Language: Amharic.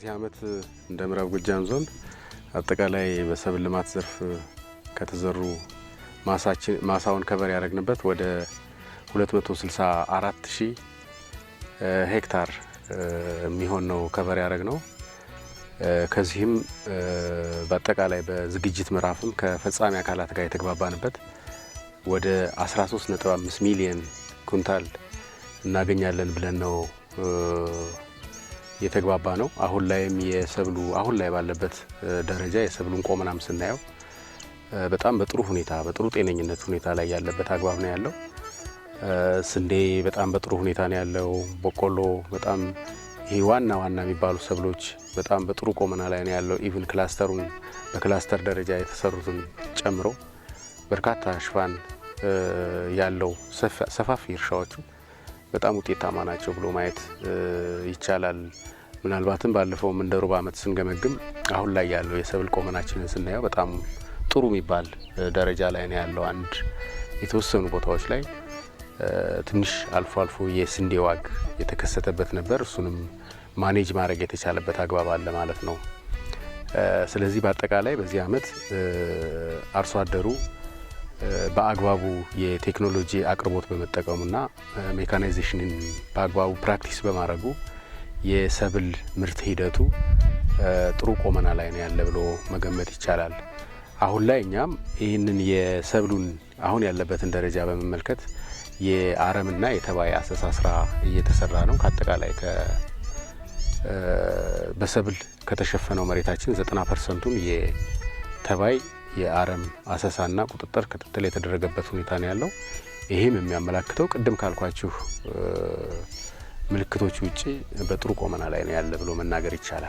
በዚህ ዓመት እንደ ምዕራብ ጎጃም ዞን አጠቃላይ በሰብል ልማት ዘርፍ ከተዘሩ ማሳውን ከበር ያደረግንበት ወደ 264 ሺህ ሄክታር የሚሆን ነው ከበር ያደረግ ነው። ከዚህም በአጠቃላይ በዝግጅት ምዕራፍም ከፈጻሚ አካላት ጋር የተግባባንበት ወደ 13.5 ሚሊየን ኩንታል እናገኛለን ብለን ነው የተግባባ ነው። አሁን ላይም የሰብሉ አሁን ላይ ባለበት ደረጃ የሰብሉን ቆመናም ስናየው በጣም በጥሩ ሁኔታ በጥሩ ጤነኝነት ሁኔታ ላይ ያለበት አግባብ ነው ያለው። ስንዴ በጣም በጥሩ ሁኔታ ነው ያለው። በቆሎ በጣም ይህ ዋና ዋና የሚባሉ ሰብሎች በጣም በጥሩ ቆመና ላይ ነው ያለው። ኢቭን ክላስተሩን በክላስተር ደረጃ የተሰሩትን ጨምሮ በርካታ ሽፋን ያለው ሰፋፊ እርሻዎቹ በጣም ውጤታማ ናቸው ብሎ ማየት ይቻላል። ምናልባትም ባለፈውም እንደ ሩብ ዓመት ስንገመግም አሁን ላይ ያለው የሰብል ቆመናችንን ስናየው በጣም ጥሩ የሚባል ደረጃ ላይ ነው ያለው። አንድ የተወሰኑ ቦታዎች ላይ ትንሽ አልፎ አልፎ የስንዴ ዋግ የተከሰተበት ነበር። እሱንም ማኔጅ ማድረግ የተቻለበት አግባብ አለ ማለት ነው። ስለዚህ በአጠቃላይ በዚህ ዓመት አርሶ አደሩ በአግባቡ የቴክኖሎጂ አቅርቦት በመጠቀሙና ሜካናይዜሽንን በአግባቡ ፕራክቲስ በማድረጉ የሰብል ምርት ሂደቱ ጥሩ ቆመና ላይ ነው ያለ ብሎ መገመት ይቻላል። አሁን ላይ እኛም ይህንን የሰብሉን አሁን ያለበትን ደረጃ በመመልከት የአረምና የተባይ አሰሳ ስራ እየተሰራ ነው። ከአጠቃላይ በሰብል ከተሸፈነው መሬታችን 90 ፐርሰንቱን የተባይ የአረም አሰሳና ቁጥጥር ክትትል የተደረገበት ሁኔታ ነው ያለው። ይህም የሚያመላክተው ቅድም ካልኳችሁ ምልክቶች ውጪ በጥሩ ቆመና ላይ ነው ያለ ብሎ መናገር ይቻላል።